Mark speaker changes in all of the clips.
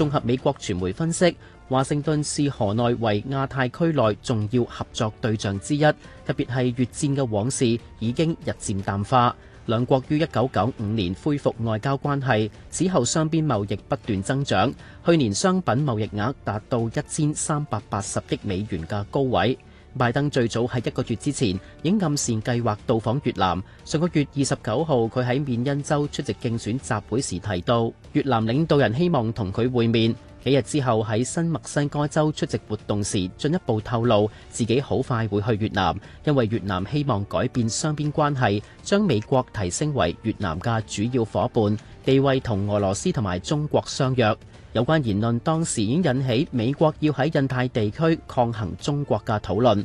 Speaker 1: 綜合美國傳媒分析，華盛頓視河內為亞太區內重要合作對象之一，特別係越戰嘅往事已經日漸淡化。兩國於一九九五年恢復外交關係，之後雙邊貿易不斷增長，去年商品貿易額達到一千三百八十億美元嘅高位。拜登最早喺一個月之前已經暗示計劃到訪越南。上個月二十九號，佢喺緬因州出席競選集會時提到，越南領導人希望同佢會面。幾日之後喺新墨西哥州出席活動時，進一步透露自己好快會去越南，因為越南希望改變雙邊關係，將美國提升為越南嘅主要伙伴地位，同俄羅斯同埋中國相若。有關言論當時已經引起美國要喺印太地區抗衡中國嘅討論。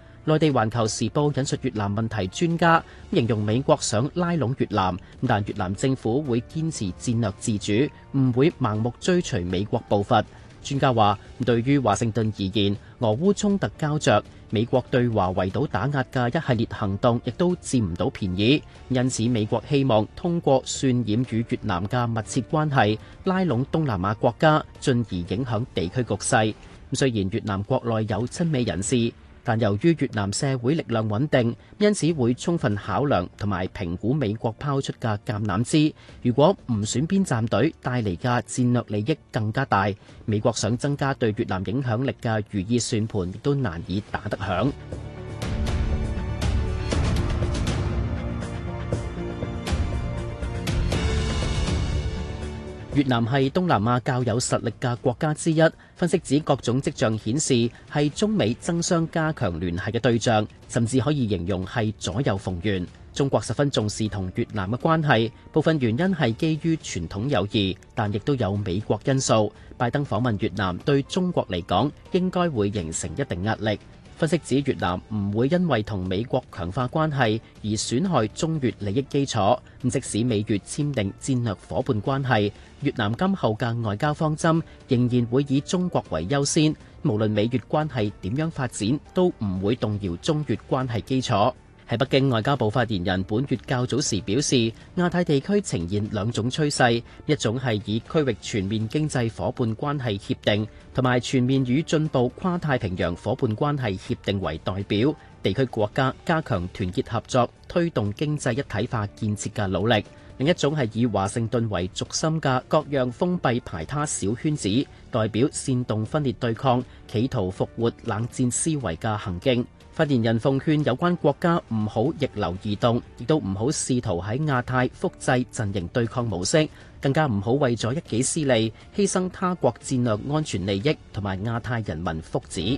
Speaker 1: 內地環球時報引述越南問題專家形容，美國想拉攏越南，但越南政府會堅持戰略自主，唔會盲目追隨美國步伐。專家話，對於華盛頓而言，俄烏衝突膠着，美國對華圍堵打壓嘅一系列行動亦都佔唔到便宜，因此美國希望通過渲染與越南嘅密切關係，拉攏東南亞國家，進而影響地區局勢。咁雖然越南國內有親美人士。但由於越南社會力量穩定，因此會充分考量同埋評估美國拋出的橄欖枝，如果唔選邊站隊帶來的戰略利益更加大，美國想增加對越南影響力的如意算盤都難以打得響。越南係東南亞較有實力嘅國家之一，分析指各種跡象顯示係中美爭相加強聯繫嘅對象，甚至可以形容係左右逢源。中國十分重視同越南嘅關係，部分原因係基於傳統友誼，但亦都有美國因素。拜登訪問越南對中國嚟講應該會形成一定壓力。分析指越南唔會因為同美國強化關係而損害中越利益基礎。咁即使美越簽訂戰略夥伴關係，越南今後嘅外交方針仍然會以中國為優先。無論美越關係點樣發展，都唔會動搖中越關係基礎。喺北京外交部發言人本月較早時表示，亞太地區呈現兩種趨勢，一種係以區域全面經濟伙伴關係協定同埋全面與進步跨太平洋伙伴關係協定為代表，地區國家加強團結合作，推動經濟一體化建設嘅努力；另一種係以華盛頓為軸心嘅各樣封閉排他小圈子，代表煽動分裂對抗，企圖復活冷戰思維嘅行徑。發言人奉勸有關國家唔好逆流而動，亦都唔好試圖喺亞太複製陣營對抗模式，更加唔好為咗一己私利犧牲他國戰略安全利益同埋亞太人民福祉。